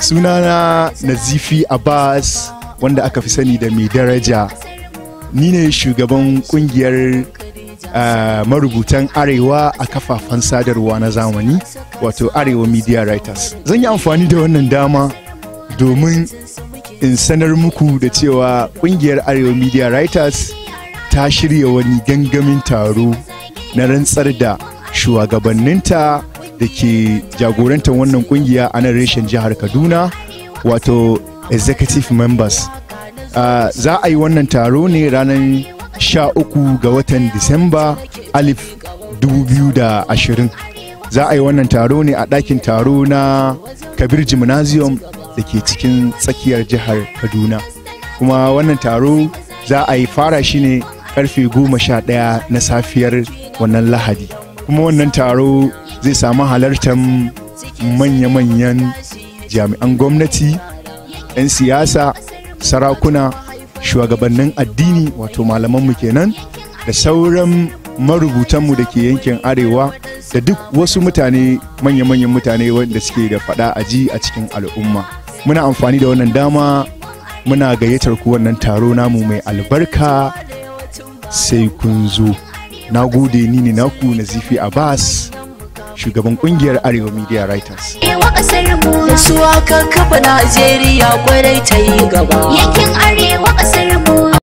sunana nazifi abbas wanda aka fi sani da mai daraja ni ne shugaban kungiyar uh, marubutan arewa a kafafen sadarwa na zamani wato arewa media writers zan yi amfani da wannan dama domin in sanar muku da cewa kungiyar arewa media writers ta shirya wani gangamin taro na rantsar da shugabanninta da ke jagorantar wannan kungiya a nan reshen jihar kaduna wato executive members uh, za a yi wannan taro ne ranar 13 ga watan disamba alif 2020 za a yi wannan taro ne a ɗakin taro na kabir gymnasium da ke cikin tsakiyar jihar kaduna kuma wannan taro za a yi fara shi ne karfe goma sha ɗaya na safiyar wannan lahadi kuma wannan taro zai samu halartar manya-manyan jami'an gwamnati 'yan siyasa sarakuna shugabannin addini wato malamanmu kenan da sauran marubutanmu da ke yankin arewa da duk wasu mutane manya-manyan mutane wanda suke da fada a ji a cikin al'umma muna amfani da wannan dama muna gayyatar ku wannan taro namu mai albarka sai kun zo na gode ni ne naku a abbas shugaban kungiyar arewa media writers yawa kasar mu da kafa najeriya kwarai ta yi gaba yakin